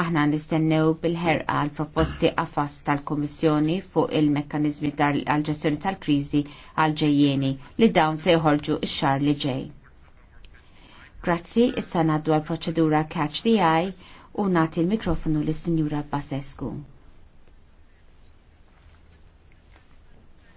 Aħna nistennew bil-ħerqa l-proposti għafas tal-Komissjoni fuq il-mekkanizmi tal ġestjoni tal-krizi għal-ġejjeni li dawn se jħorġu x-xar li ġej. Grazzi, issa naddu għal-proċedura Catch the Eye u nati l-mikrofonu l-Sinjura Basescu.